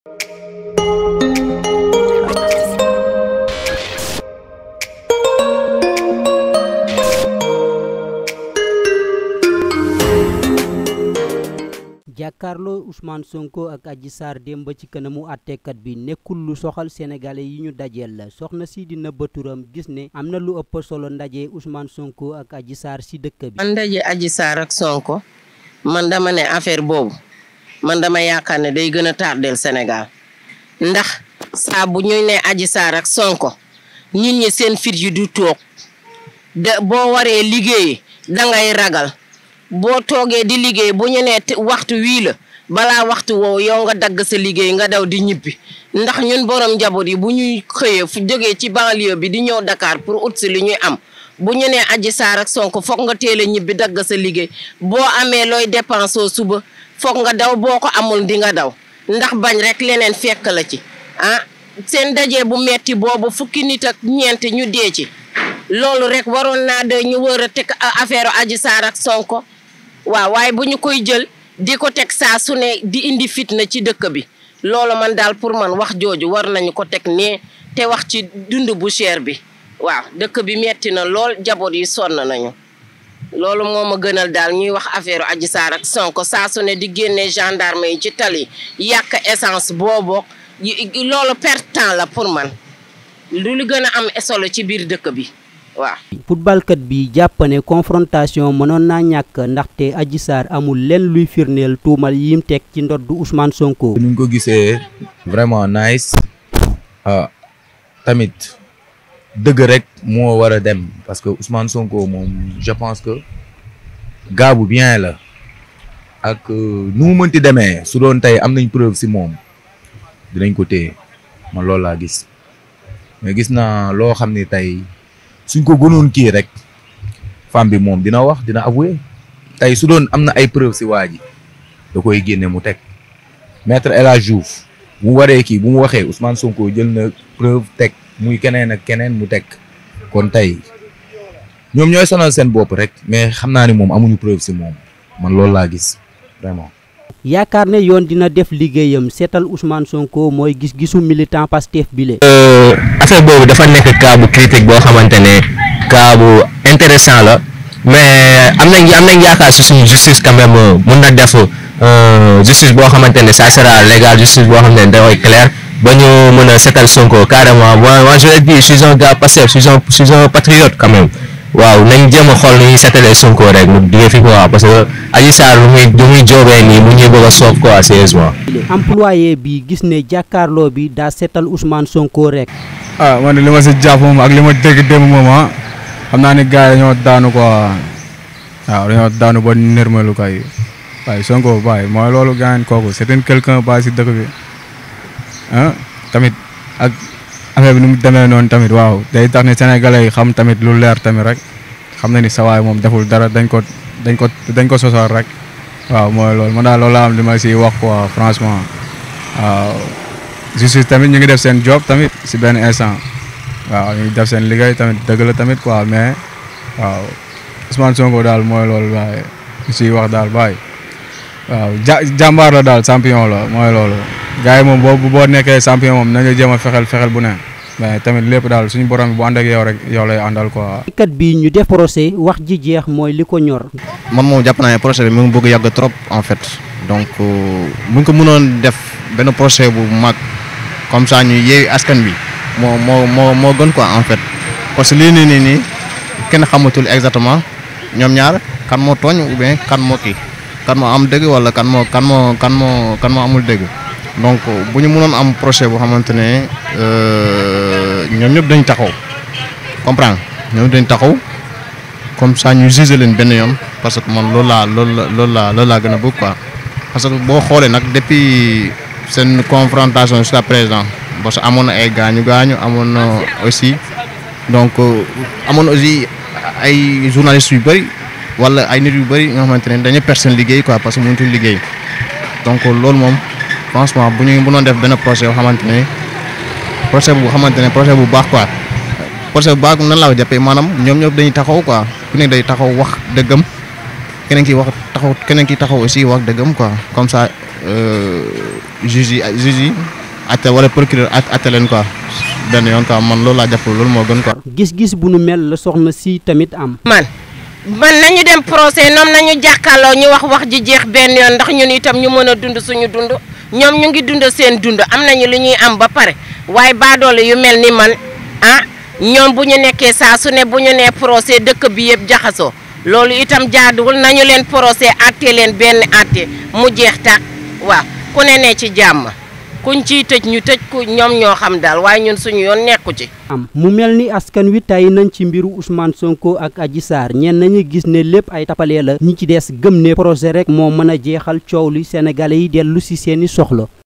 jàkkaarloo usmaan Sonko ak Adji Sarr démb ci kanamu àtteekat bi nekkul lu soxal sénégalais yi ñu dajeel la soxna si di nëbb gis ne am na lu ëpp solo ndaje usmaan Sonko ak Adji ci si dëkk bi. man ndaje Adji ak Sonko man dama ne affaire boobu man dama yaakaar ne day gën a tardel Sénégal ndax saa bu ñu ne Adji Sarr ak Sonko ñu ñi seen fit yi du toog de boo waree liggéey dangay ragal boo toogee di liggéey bu ñu nee waxtu wii la balaa waxtu woowu yow nga dagg sa liggéey nga daw di ñibbi ndax ñun borom njaboot yi bu ñuy xëyee fu jógee ci banlieue bi di ñëw dakaar pour ut si li ñuy am bu ñu nee aj Sarr ak Sonko foog nga teel ñibbi dagg sa liggéey boo amee looy dépensé suba. foog nga daw boo ko amul di nga daw ndax bañ rek leneen fekk la ci ah seen daje bu metti boobu fukki nit ak ñeent ñu dee ci loolu rek waroon naa de ñu war a teg affaire Adji Sarr ak Sonko waaw waaye bu ñu koy jël di ko teg saa su ne di indi fitna ci dëkk bi loolu man daal pour man wax jooju war nañu ko teg nee te wax ci dund bu cher bi waaw dëkk bi metti na lool jaboot yi sonn nañu loolu moo ma gënal daal ñuy wax affaire Adji ak Sonko saa su ne di génne gendarme yi ci tali yàq essence boobu loolu perte temps la pour man lu li gën a am solo ci biir dëkk bi waaw. footballkat bi jàpp ne confrontation mënoon na ñàkk ndaxte Adji Sarr amul lenn luy firndeel tuumal yim teg ci du usmaan Sonko. ni ñu ko gisee vraiment nice ah, tamit. dëgg rek moo war a dem parce que Ousmane Sonko moom je pense que gars bu bien la ak euh, nu mu mënti demee su doon tey am nañ preuve si moom dinañ ko téye ma loolu laa gis mais gis naa loo xam ni tey suñ ko gënoon kii rek femme bi moom dina wax dina avouer tey su doon am na ay preuve si waa ji da koy génne mu teg metre El Hadj Diouf bu waree kii bu mu waxee Ousmane Sonko jël na preuve teg. muy keneen ak keneen mu teg kon tey ñoom ñooy sonal seen bopp rek mais xam naa ne moom amuñu preuve si moom man loolu laa gis vraiment. yaakaar ne yoon dina def liggéeyam seetal Ousmane Sonko mooy gis-gisu militant Pastef bile. Euh, affaire boobu dafa nekk kaabu bu critique boo xamante ne cas bu intéressant la mais am nañ am nañ yaakaar si suñu justice quand même mun na def euh, justice boo xamante ne ça sera légal justice boo xam ne dafay clair. ba ñu mën a setal Sonko carrément moi moi je l'ai dit je suis un gars passif je suis xool ni ñuy setalee Sonko rek mu duggee fi quoi parce que Adji Sarr lu muy lu muy joobee nii mu ñuy a soof quoi gis ne jàkkaarloo bi daa setal Ousmane Sonko rek. Ah, li ma si jàpp moom ak li ma dégg démb moom ah xam naa ne gars dañoo daanu quoi waaw dañoo daanu ba nërmalu kay waaye Sonko baay mooy loolu gaañ kooku c'est un quelqu'un baay si dëkk bi. Ah, tamit ak affaire bi nu mu demee noonu tamit waaw day tax ne sénégalais yi xam tamit lu leer tamit rek xam na ni sawaay moom deful dara dañ ko dañ ko dañ ko sosoor rek waaw mooy lool man daal loolu laa am li ma si wax quoi franchement waaw justice tamit ñu ngi def seen job tamit si benn instant waaw ñu ngi def seen liggéey tamit dëgg la tamit quoi mais waaw Ousmane Sonko daal mooy lool waaye si wax daal bàyyi waaw ja la daal champion la mooy loolu. gars moom boobu boo nekkee champion moom na nga jéem a fexel fexel bu ne mais tamit lépp daal suñu borom bi bu ànd ak yow rek yow lay àndal ko kat bi ñu def procès wax ji jeex mooy li ko ñor. man moom jàpp naa ne procès bi mu ngi bëgg yàgg trop en fait donc mu euh, ko mënoon def benn procès bu mag comme ça ñu yeewi askan bi moo moo moo moo gën ko en fait parce que lii nii nii nii kenn xamatul exactement ñoom ñaar kan moo tooñ ou bien kan moo kii kan moo am dëgg wala kan moo kan moo kan moo kan moo amul dëgg. donc bu ñu mënoon am projet boo xamante ne euh, ñoom ñëpp dañ taxaw comprendre ñoom dañ taxaw comme ça ñu gisé leen benn yoon parce que man loolu laa loolu la loolu laa loolu laa gën a bëgg quoi parce que boo xoolee nag depuis seen confrontation jusqu'à présent parce que amoon na ay gaañu gaañu amoon na aussi donc euh, amoon aussi ay journalistes yu bari wala ay nit yu bëri nga xamante ne dañuy perte seen liggéey quoi parce que mënatuñ liggéey donc loolu moom. franchement bu ñu def benn projet yoo xamante ne projet bu xamante ne projet bu baax quoi projet bu baax nan laa ko jàppee maanaam ñoom ñëpp dañuy taxaw quoi ku nekk day taxaw wax dëggam keneen ki wax taxaw keneen ki taxaw aussi wax dëggam quoi comme ça euh, juge yi juge yi atte wala procureur atte leen quoi benn yoon quoi man loolu laa jàpp loolu moo gën quoi. gis-gis bu nu mel la soxna si tamit am. man. man nañu dem procès ñoom nañu jàkkaarloo ñu wax wax ji jeex benn yoon ndax ñun itam ñu mën a dund suñu dund. ñoom ñu ngi dund seen dund am nañu lu ñuy am ba pare waaye baadoole yu mel ni man ah ñoom bu ñu nekkee saa su ne bu ñu nee procès dëkk bi yëpp jaxasoo loolu itam jaaduwul nañu leen procès àtte benn àtte mu jeex tàkk waaw ku ne nee ci jàmm. kuñ ciy tëj ñu tëj ku ñoom ñoo xam daal waaye ñun suñu yoon nekku ci. am mu mel ni askan wi tey nañ ci mbiru Ousmane Sonko ak Adji Sarr ñenn nañu gis ne lépp ay tapalee la ñi ci des gëm ne projet rek moo mën a jeexal coow li Sénégalais yi dellu si seeni soxla.